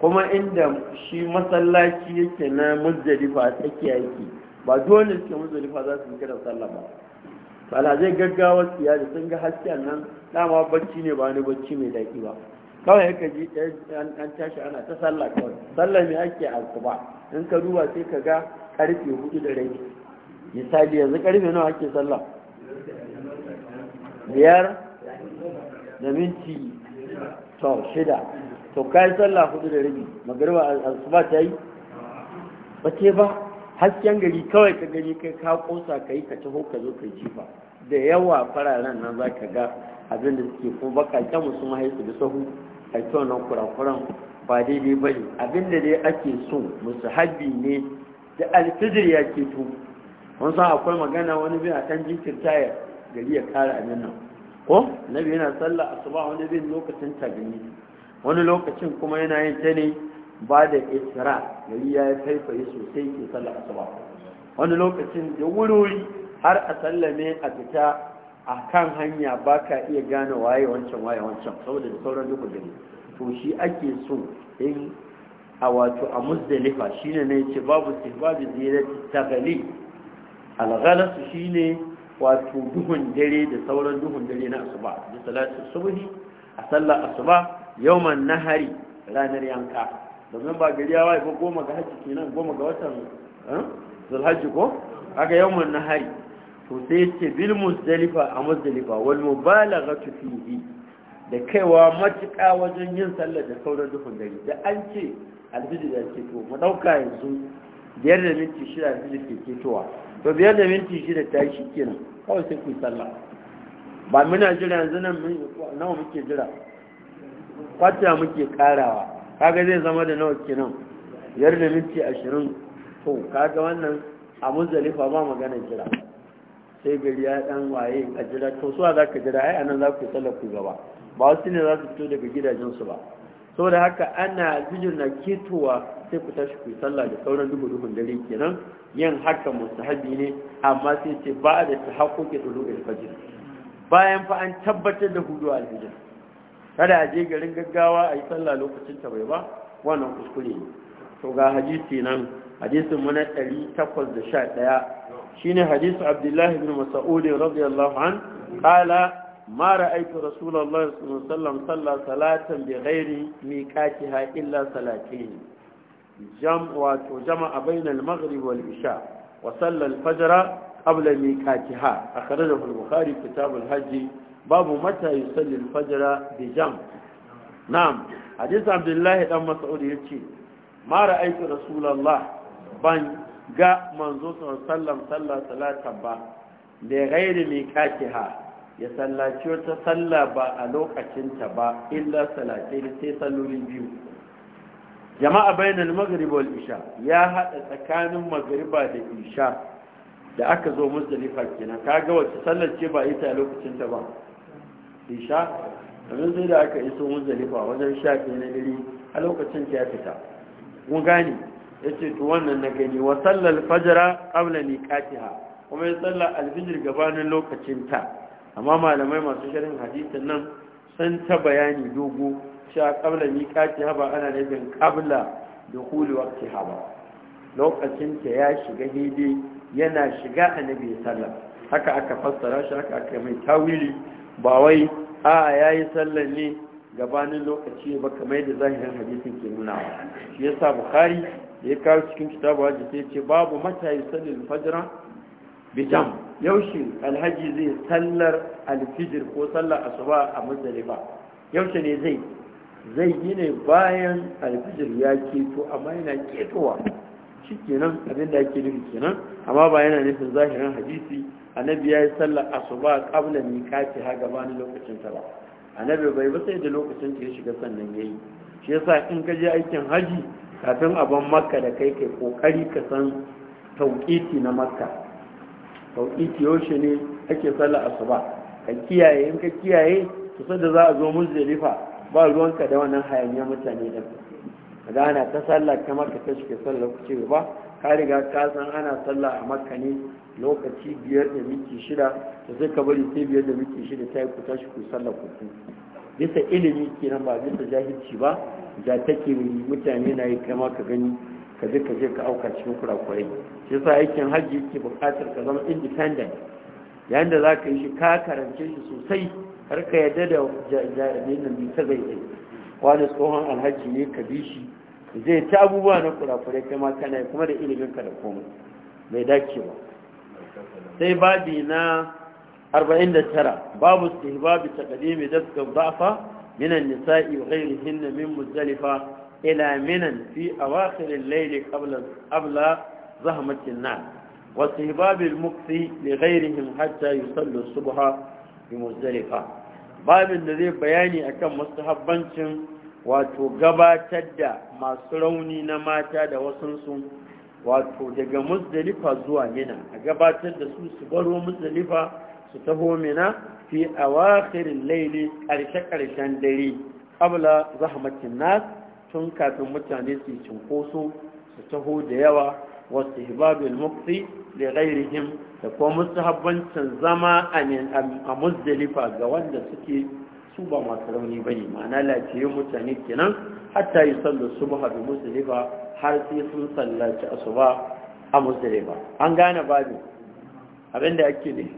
kuma inda shi masallaci yake na muzdalifa a tsakiya yake ba dole suke muzdalifa za su kira sallah ba alhazai gaggawa su ya da sun ga hasken nan dama bacci ne ba wani bacci mai daɗi ba kawai yaka ji an tashi ana ta sallah kawai sallah mai ake alkuba in ka duba sai ka ga karfe hudu da rai misali yanzu karfe nawa ake sallah biyar da minti to shida to kai sallah hudu da rabi magariba asuba ta yi ba ce ba hasken gari kawai ka gani kai ka kosa ka yi ka taho ka zo ka jifa da yawa fararen nan za ka ga abin da suke ko bakaken musu mahaifu da sahu a kyau nan kurakuran ba daidai ba ne abin da dai ake so musu habi ne da alfijir ya ke to wani sa akwai magana wani bin a kan jinkirta ya gari ya kara abin nan ko na biyu yana sallah asuba wani bin lokacin tagani wani lokacin kuma yana yin ta ne ba da isra gari ya yi faifaye sosai ke sallah asuba wani lokacin da wuri har a sallame a fita a kan hanya ba ka iya gane waye wancan waye wancan saboda da sauran duka gari to shi ake so in a wato a musdalifa shine ne ce babu tihbabi ziyarati tagali alghalas shine wato duhun dare da sauran duhun dare na asuba da salatu subhi a sallar asuba yawman nahari ranar yanka domin ba gari ya waye ba goma ga hajji kenan goma ga watan eh, zulhajji ko aka yawman nahari to sai ce bil muzdalifa a muzdalifa wal mubalagha fihi da kaiwa matuƙa wajen yin sallar da sauran duhun dare da an ce alfijir da ke to mu dauka yanzu biyar da minti shida alfijir ke ketowa to biyar da minti shida ta yi shi kenan kawai sai ku yi sallah ba muna jira yanzu nan nawa muke jira kwata muke karawa kaga zai zama da nawa kenan biyar da minti ashirin to kaga wannan a muzalifa ba magana jira sai gari ya dan waye a jira to suwa za ka jira ai anan za ku tsalla ku gaba ba wasu ne za su fito daga gidajensu ba saboda haka ana bijir na ketowa sai ku tashi ku sallah da sauran duhu duhun dare kenan yin haka mustahabi ne amma sai ce ba da tahaqquqi tulu'il fajr bayan fa an tabbatar da hudu al kada a je garin gaggawa a yi sallah lokacin ta bai ba wannan kuskure ne to ga hadisi nan hadisin mu na 811 shine hadisu abdullahi ibn mas'ud radiyallahu an qala ما رأيت رسول الله صلى الله عليه وسلم صلى صلاة بغير ميقاتها إلا jam wato jama'a bainal maghrib wal isha wa sallar fajara, fajr mai miqatiha a al bukhari kitab al hajji, babu mata yusalli al fajr jam na'am hadis abdullahi dan mas'ud yace mara aiki rasulullah ban ga manzo sallallahu alaihi wasallam ba da gairi miqatiha ya sallaci wata sallah ba a lokacinta ba illa salatai sai sallolin biyu jama'a bainal maghrib wal isha ya hada tsakanin maghriba da isha da aka zo muzdalifa kenan kaga wacce sallar ce ba ita a lokacin ta ba isha abin sai da aka iso muzdalifa wajen sha na dare a lokacin ta ya fita mun gane yace to wannan na gani wa sallal fajra qabla niqatiha kuma ya salla fajr gabanin lokacin ta amma malamai masu sharhin hadisin nan sun ta bayani dogo cewa ƙabla miƙaci haba ana nufin ƙabla da huluwar wakti haba lokacin ta ya shiga hidi yana shiga annabi sallar haka aka fassara shi haka aka mai tawili ba wai a yayi yi sallan ne gabanin lokaci ba kamar da zahirin hadisin ke nuna shi yasa bukhari da ya kawo cikin kitabu hajji sai ce babu mata yi sallin fajira bijam yaushe alhaji zai sallar alfijir ko sallar asuba a muzdalifa yaushe ne zai zai yi ne bayan alfijir ya keto amma yana ketowa shi kenan abin da ake nufi kenan amma ba yana nufin zahirin hadisi annabi ya yi sallar asuba kabla kaci ha gabanin lokacin ta ba annabi bai ba sai da lokacin ya shiga sannan yayi shi yasa in ka je aikin haji kafin abin makka da kai kai kokari ka san tauƙiti na makka tauƙiti yaushe ne ake sallar asuba ka kiyaye in ka kiyaye kusa da za a zo muzdalifa ba ruwanka da wannan hayaniyar mutane da da ana ta sallah kamar ka tashi ka sallah ku ce ba ka riga ka san ana sallah a makka ne lokaci biyar da miki shida da sai ka bari sai biyar da miki shida ta yi ku tashi ku sallah ku ce bisa ilimi kenan ba bisa jahilci ba da take mutane na yi kamar ka gani ka je ka je ka auka cikin kurakurai shi yasa aikin hajji yake buƙatar ka zama independent yayin da za ka yi shi ka karance shi sosai har ka yadda da jami'in nan bisa zai zai wani tsohon alhaji ne ka bi shi zai ta abubuwa na kurakurai kai ma kana kuma da ilimin ka da komai mai dace ba sai babi na 49 babu istihbabi taqdimi daska dha'fa min nisai wa ghayrihinna min muzdalifa ila minan fi awakhir al-layl qabla qabla zahmati an-nar wa istihbabi al-mukthi li ghayrihim hatta yusallu subha fi muzdalifa babin da zai bayani akan mustahabbancin wato gabatar da masu rauni na mata da wasansu wato daga muzdalifa zuwa mina a gabatar da su su baro muzdalifa su taho mina fi wakirin laili karshe-karshen dare abla zahmatin nas tun kafin mutane su cinkoso su taho da yawa wasu hibabil mukti da gairihim da kuma mustahabbancin zama a muzdalifa ga wanda suke su ba masu rauni ba ne ma'ana lafiyar mutane kenan hatta yi sallar su ba haɗu muzdalifa har sai sun sallaci asuba a muzdalifa an gane babu abinda ake ne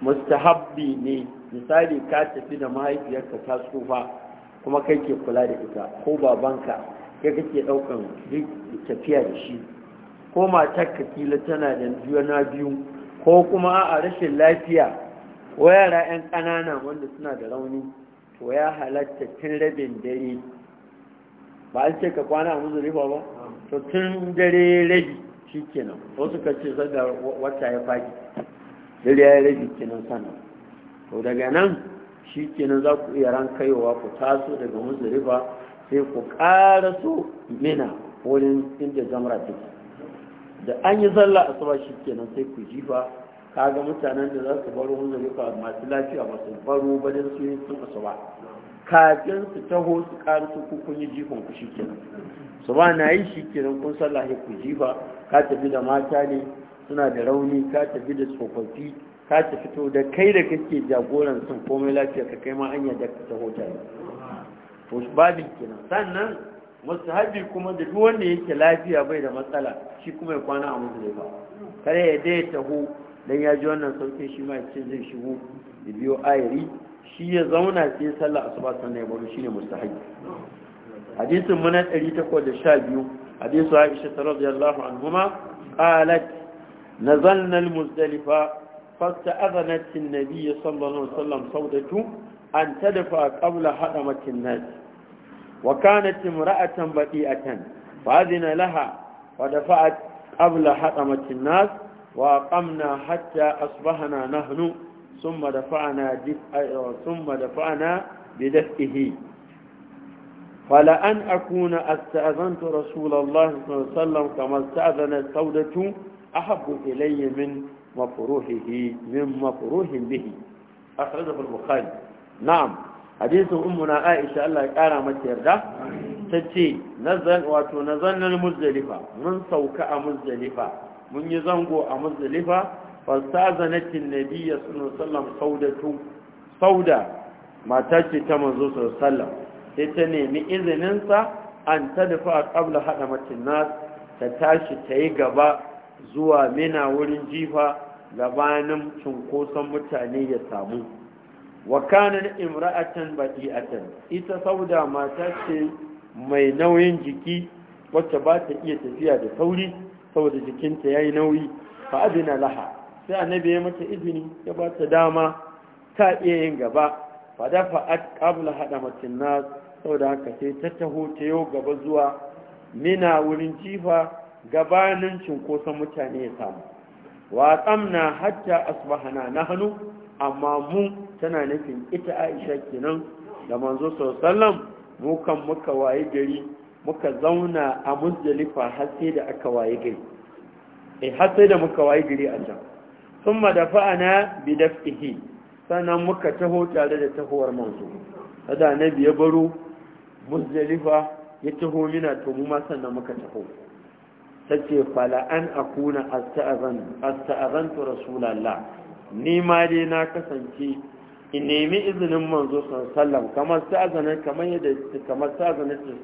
mustahabbi ne misali ka tafi da mahaifiyarka ta tsufa kuma kai ke kula da ita ko babanka kai kake ɗaukan duk tafiya da shi ko matar kila tana da juna biyu ko kuma a rashin lafiya yara 'yan ƙanana wanda suna da rauni to ya halatta tun rabin dare ba an ce ka kwana a muzuri ba to tun dare rabi shi kenan wasu ka ce zaga wata ya fagi dare ya rabi kenan sana to daga nan shi kenan za ku iya rankaiwa ku taso daga ba sai ku ƙara su mina wurin inda zamra take da an yi sallah a suba shi kenan sai ku jifa kaga mutanen da za su baro huzurifa masu lafiya ba su baro ba da su yi sun asuba kafin su taho su karsu ku kun yi jifan ku shi nan su ba na yi shi kenan kun sallah ku jifa ka tafi da mata ne suna da rauni ka tafi da tsofaffi ka ta fito da kai da kake jagoran sun komai lafiya ka kai ma an yadda ta hota babin kenan sannan mustahabi kuma da duk wanda yake lafiya bai da matsala shi kuma ya kwana a musulaifa kare ya dai taho don ya ji wannan sauke shi ma ce zai shigo da biyo ayari shi ya zauna sai sallah a asuba sannan ya baro shi ne mustahabi hadisin mu na 812 hadisu Aisha radiyallahu anhuma qalat nazalna al-muzdalifa fasta'adhanat an-nabiy sallallahu sau da tu an a qabla hadamati an nasi. wa kanat imra'atan bati'atan fa azina laha wa dafa'at qabla hatamatin nas wa qamna hatta asbahna nahnu thumma dafa'na thumma dafa'na bidafihi fala an akuna astazantu rasulallahi Kamar kama sa'adana sawdatu ahabbu ilayya min mafruhihi min mafruhin bihi akhrajahu al-bukhari na'am hadisin ummuna aisha Allah ya kara mata yarda ta ce na wato nazannan muzdalifa mun sauka a muzdalifa mun yi zango a muzdalifa fastazanatin nabiyya sallallahu alaihi wasallam saudatu sauda mata ce ta manzo sallallahu alaihi sai ta nemi izinin sa an tadfa qabla ta tashi ta yi gaba zuwa mina wurin jifa gabanin cunkoson mutane ya samu Wakanan kanan imra'atan badi'atan ita sauda mata ce mai nauyin jiki wacce ba ta iya tafiya da sauri saboda jikinta yayi nauyi fa adina laha sai annabi ya mata izini ya ba ta dama ta iya yin gaba fa dafa'at qabla hadamatin nas saboda haka sai ta taho ta yau gaba zuwa mina wurin jifa gabanin cinkoson mutane ya samu wa tsamna hatta asbahana nahnu amma mu tana nufin ita aisha kenan da manzo sallam mukan muka waye gari muka zauna a muzdalifa har sai da aka waye gari eh har sai da muka waye gari a can thumma dafa'ana bi daf'ihi sannan muka taho tare da tahowar manzo sada nabi ya baro muzdalifa ya taho mina to mu ma sannan muka taho sace fala an akuna astazan astazantu rasulullah ni ma dai na kasance in nemi izinin manzo sallam kamar sa'azanin kamar yadda kamar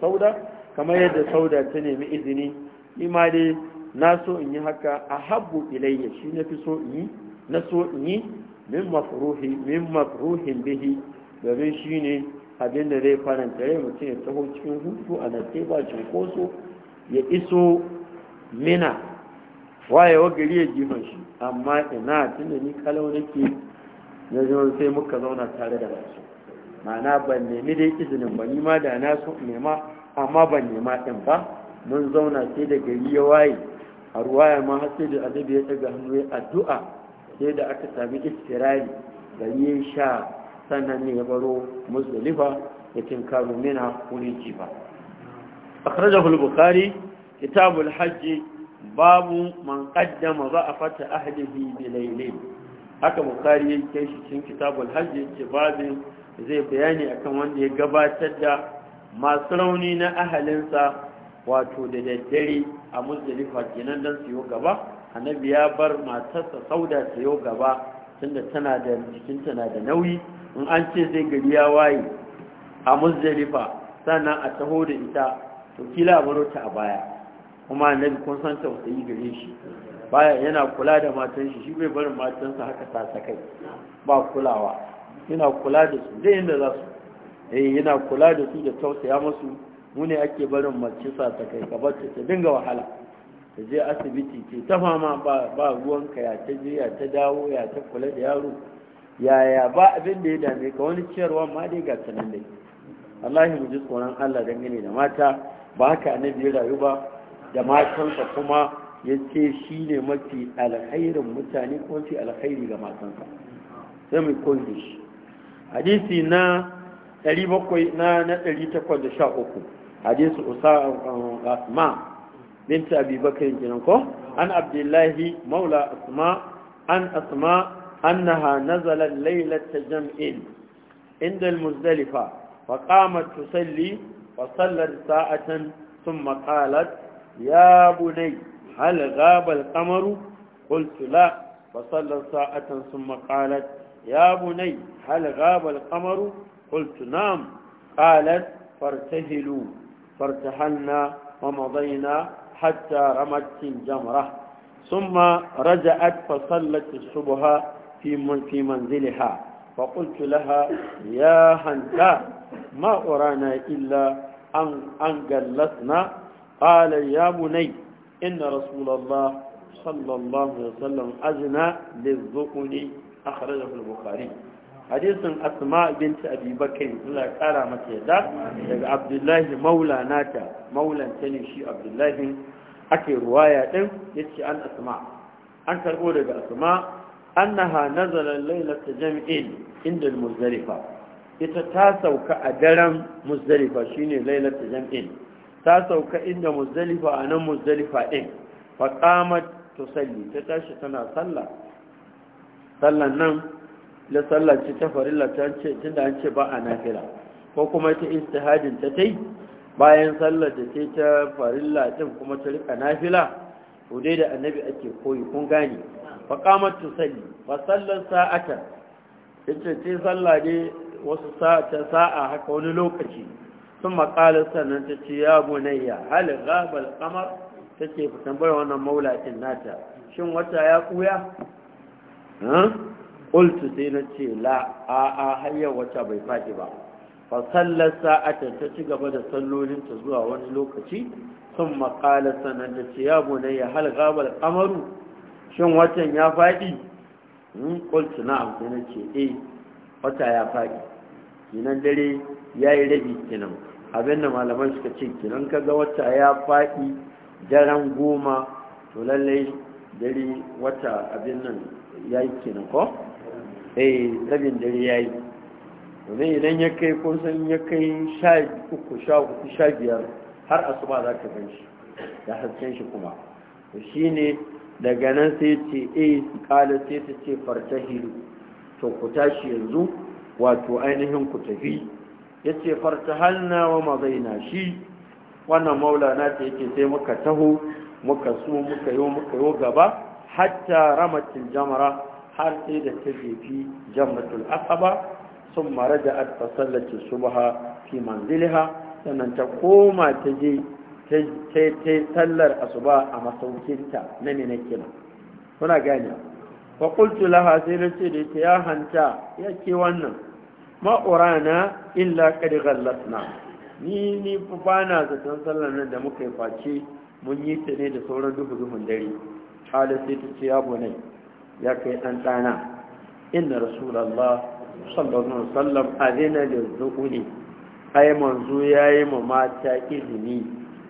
sauda kamar yadda sauda ta nemi izini ni ma dai na so in yi haka a habbu ilayya shi na fi so in yi na so in yi min mafruhi min mafruhin bihi domin shi ne abin da zai faranta rai mutum ya taho cikin hutu a nan ba cinkoso ya iso mina wayewa gari ya jifan shi amma ina tunda ni kalau nake ne zo sai muka zauna tare da su ma'ana ban nemi dai izinin ba ni ma da na su nema amma ban nema ɗin ba mun zauna sai da gari ya waye a ruwaya ma har sai da azabi ya daga hannu ya addu'a sai da aka sami istirari gari ya sha sannan ne ya baro musulifa ya tinkaro mina ji ba akhrajahu al-bukhari kitabul hajj babu man qaddama dha'afata ahlihi bi haka bukari ya kai shi cikin kitabul hajji yake babin zai bayani akan wanda ya gabatar da masu rauni na ahalinsa wato da daddare a muzdalifa kenan don su yi gaba annabi ya bar matarsa sauda ta yi gaba tunda tana da tana da nauyi in an ce zai gari ya waye a muzdalifa sannan a taho da ita to kila baro ta a baya kuma annabi kun san tausayi gare shi baya yana kula da matan shi shi bai barin matansa haka ta sakai ba kulawa yana kula da su da yadda za su eh yana kula da su da tausaya musu mu ake barin mace sa sakai ka bacce ta dinga wahala ta je asibiti ce ta fama ba ba ka ya ta je ya ta dawo ya ta kula da yaro yaya ba abin da ya dame ka wani ciyarwa ma dai ga sanan dai Allah mu ji tsoron Allah dangane da mata ba haka annabi ya rayu ba da matansa kuma ya ce shi ne mafi alkhairin mutane ko ce alkhairi ga matansa sai mai koyi shi hadisi na 700 na 813 hadisi usama um, bint abi bakr kenan ko an abdullahi maula asma an asma annaha nazala lailat jam'in inda al-muzdalifa fa qamat tusalli wa sallat sa'atan thumma qalat ya bunayya هل غاب القمر قلت لا فصلى ساعة ثم قالت يا بني هل غاب القمر قلت نعم قالت فارتهلوا فارتحلنا ومضينا حتى رمت الجمرة ثم رجعت فصلت الصبح في من في منزلها فقلت لها يا هنتا ما أرانا إلا أن أنجلتنا قال يا بني inna rasulallah sallallahu alaihi wasallam azna lizzukuni akhrajahu al-bukhari hadisin asma binti abi bakr Allah kara mata yadda daga abdullahi maula nata maulan ta ne shi abdullahi ake ruwaya din yace an asma an karbo daga asma annaha nazala lailat jam'in inda al ita ta sauka a daren muzdalifa shine lailat jam'in ta sauka inda muzdalifa a nan muzdalifa ɗin faƙamar ta salli ta tashi tana sallah sallan nan da sallar ce ta farilla ta ce tunda an ce ba a nafila ko kuma ta istihadin ta tai bayan sallar da ta ta farilla din kuma ta rika nafila ko dai da annabi ake koyi kun gane Faƙamar ta salli fa sallar sa'atan ita ce sallah dai wasu sa'a haka wani lokaci sun maƙalar sannan ta halin gabal kamar ta ce tambar wannan maulakin nata shin wata ya kuya? ƙultu sai na ce la a a hanyar wata bai faɗi ba fasallar sa'ata ta ci gaba da sallolinta zuwa wani lokaci sun maƙalar sannan ta ce ya bunayya shin watan ya faɗi ƙultu na amfani ce eh wata ya faɗi kinan dare ya yi rabi kinan abin da malaman suka ce kiran kaga wata ya faɗi daren goma to lallai dare wata abin nan ya yi kenan ko? eh rabin dare ya yi domin idan ya kai san ya kai sha uku sha uku sha biyar har asuba za ka gan shi ya hasken shi kuma to shi ne daga nan sai ce eh kala sai ta ce farta hiru to ku tashi yanzu wato ainihin ku tafi yace fartahalna wa madaina shi wannan maulana ta yake sai muka taho muka su muka yi muka yo gaba hatta ramatil jamara har sai da ta jefi jamratul asaba sun maraja at fasallati subha fi manziliha sannan ta koma ta je ta sallar asuba a masaukinta na ne na kina kuna gani fa qultu laha sai ce da ita ya hanta yake wannan ma'urana illa ƙari gallasna ni ni ba na zaton sallar nan da muka yi face mun yi ta ne da sauran duhu duhun dare hala sai ta ce abu ne, ya kai ɗan ɗana inna rasulallah sallallahu alaihi wasallam azina da ne. ai manzo yayi ma mata izini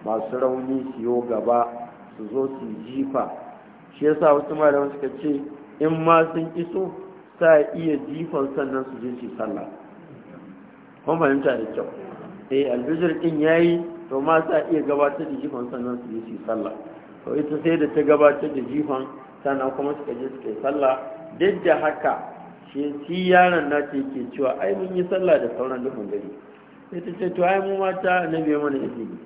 masu rauni su yo gaba su zo su jifa shi yasa wasu malaman suka ce in ma sun iso sa iya jifan sannan su je su sallah kun fahimta da kyau eh albijir din yayi to ma sa iya gabatar da jifan sannan su yi su sallah to ita sai da ta gabatar da jifan sannan kuma suka je suka yi sallah duk da haka shi shi yaron na ce ke cewa ai mun yi sallah da sauran dukkan gari sai ta ce to ai mu mata na biya mana izini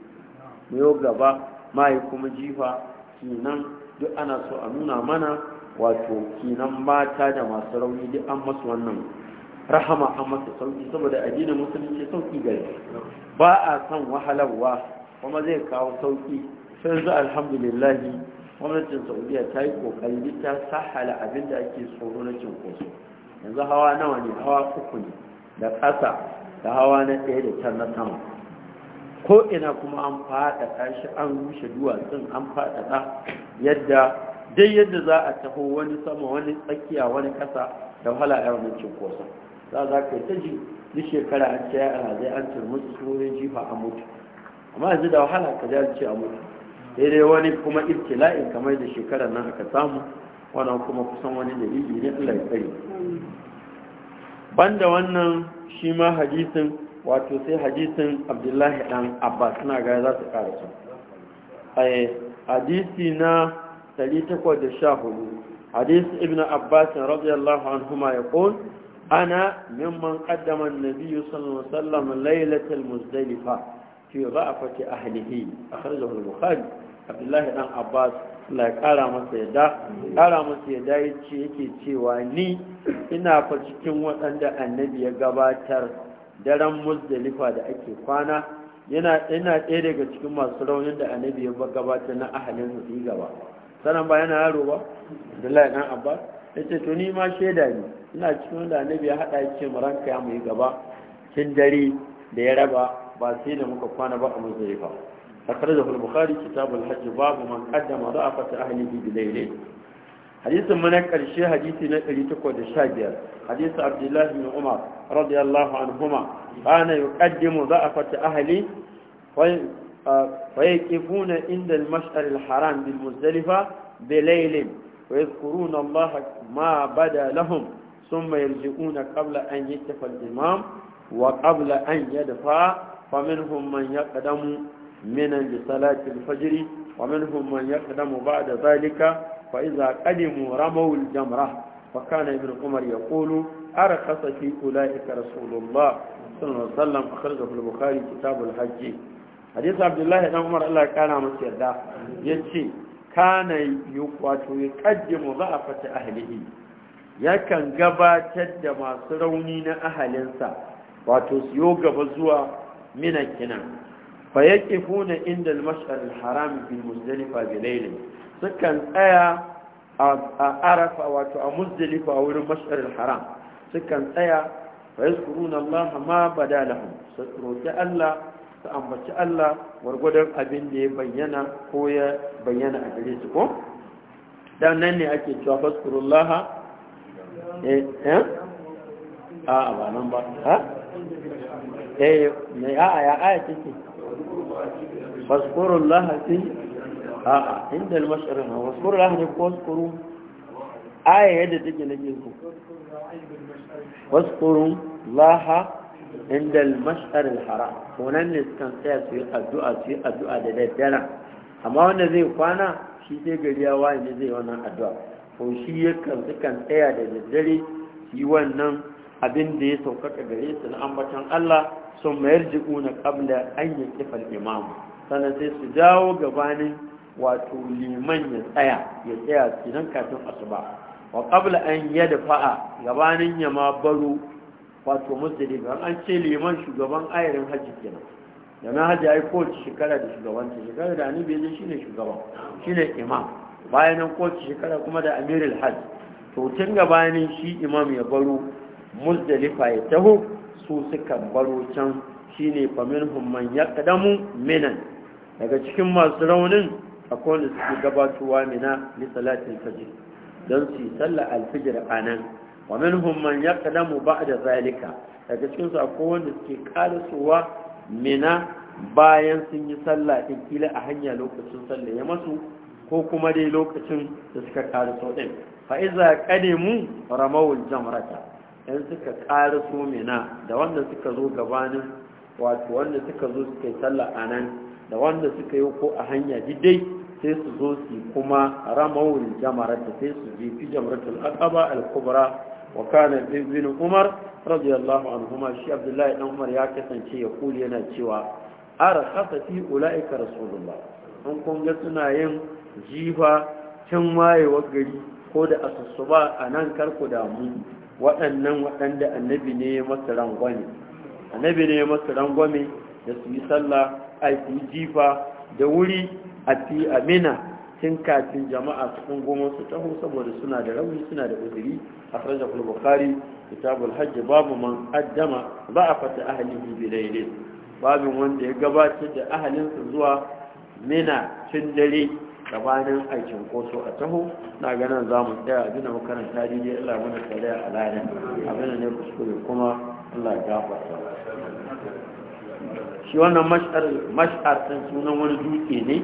mu yau gaba ma yi kuma jifa kenan duk ana so a nuna mana wato kenan mata da masu rauni duk an masu wannan rahama a masa sauƙi saboda addinin musulunci sauki gari ba a san wahalarwa kuma zai kawo sauƙi sai zu alhamdulillah gwamnatin saudiya ta yi ƙoƙari ta sahala abin da ake tsoro na cinkoso yanzu hawa nawa ne hawa uku ne da ƙasa da hawa na ɗaya da can na sama ko ina kuma an faɗaɗa shi an rushe duwatsun an faɗaɗa yadda dai yadda za a taho wani sama wani tsakiya wani ƙasa da wahala yawon yawan za za ka ta ji duk shekara an ce ara zai an ce su wurin jifa a mutu amma yanzu da wahala ka ja ce a mutu daidai wani kuma ibtila'in kamar da shekarar nan aka samu wannan kuma kusan wani dalili ne Allah ya tsare banda wannan shi ma hadisin wato sai hadisin Abdullahi dan Abbas suna ga za su ƙara su eh hadisi na 814 hadisi Ibn Abbas radiyallahu anhuma yaqul ana ممن قدم nabiyyu صلى الله عليه وسلم muzdalifa المزدلفة في ضعفة أهله أخرجه bukhari عبد الله abbas عباس لا قال ما yadda قال ما سيدا yace yake cewa ni ina fa cikin waɗanda annabi gabatar daren muzdalifa da ake kwana yana ina ɗaya daga cikin masu raunin da annabi ya gabatar na ahalin su gaba sanan ba yana yaro ba abdullahi dan abbas ya ce to ma shaida ne ina cikin da annabi ya haɗa ce mu ranka gaba cin dare da ya raba ba sai da muka kwana ba a mazari ba akar da bukhari kitab al-hajj babu man qaddama ra'afat ahlihi bi layli hadisin mana karshe hadisi na biyar hadisi abdullahi bin umar radiyallahu anhuma ana yuqaddimu za'afat ahli wa yaqifuna inda al-mash'ar al-haram bil muzdalifa bi ويذكرون الله ما بدا لهم ثم يرجعون قبل أن يتفى الإمام وقبل أن يدفع فمنهم من يقدم من صلاة الفجر ومنهم من يقدم بعد ذلك فإذا قدموا رموا الجمرة فكان ابن عمر يقول أرخص في أولئك رسول الله صلى الله عليه وسلم أخرجه في البخاري كتاب الحج حديث عبد الله بن عمر الله كان مسير يجي kana wato ya kaddimu za'afata ahlihi yakan gabatar da masu rauni na ahalinsa wato su yo gaba zuwa mina kina fa yaqifuna inda al-mash'ar al-haram fi muzdalifa bi sukan tsaya a arafa wato a muzdalifa wurin mash'ar al-haram sukan tsaya fa yazkuruna Allah ma bada lahum su roki Allah ta ambaci Allah gwargwadon abin da ya bayyana ko ya bayyana a gare su ko dan nan ne ake cewa faskurullaha eh eh a ba nan ba ha eh ne a a ya aya take faskurullaha fi a a inda al-mashriq waskurullaha ne ko faskuru aya yadda take nake ku waskurullaha inda al-mash'ar al-haram ne sukan tsaya su yi addu'a su addu'a da daddare amma wanda zai kwana shi sai gari ya ne zai wannan addu'a to shi yakan kan tsaya da daddare su yi wannan abin da ya saukaka gare su na ambaton Allah sun mayar na qabla an yi al-imam sanan sai su jawo gabanin wato liman ya tsaya ya tsaya kinan kafin asuba wa qabla an yadfa'a gabanin ya ma baro wato musulmi an ce liman shugaban ayarin hajji kenan da na hajji ai kowace shekara da shugabanta shekara da annabi ya shine shugaban shine imam bayan nan kowace shekara kuma da amirul hajji to tun gabanin shi imam ya baro muzdalifa ya taho su suka baro can shine famin humman ya kadamu minan daga cikin masu raunin akwai wanda suke gabatowa mina li salatin fajr don su yi sallar alfijir a nan wa minhum mu ba da zalika daga cikin su akwai wanda suke karasuwa mina bayan sun yi sallah din kila a hanya lokacin sallah ya masu ko kuma dai lokacin da suka karaso din fa iza ramawul jamrata in suka karaso mina da wanda suka zo gabanin wato wanda suka zo suka yi sallah anan da wanda suka yi ko a hanya didai sai su zo su kuma ramawul jamarata sai su jefi jamratul aqaba al-kubra wa kana ibn umar radiyallahu anhuma shi abdullahi dan umar ya kasance ya kuli yana cewa arqasa fi ulaika rasulullah an kun ga suna yin jifa can wayewar gari ko da asusuba anan nan karku damu waɗannan waɗanda annabi ne ya masa rangwame annabi ne ya masa rangwame da su yi sallah a su yi jifa da wuri a fi amina tun kafin jama'a su ɗungumo su taho saboda suna da rauni suna da uzuri أخرجه البخاري كتاب الحج باب من قدم ضعفة أهله بليل باب من يقبات أهل زوا منا تندلي gabanin aikin cinkoso a taho na ganin za mu tsaya abin da makaranta daidai Allah mana tsare a lanin abin ne kuskure kuma Allah ya shi wannan mash'ar ɗin sunan wani dutse ne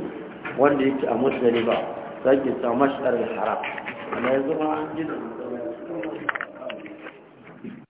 wanda yake a musulmi ba za ke sa mash'ar haram amma yanzu ma an gina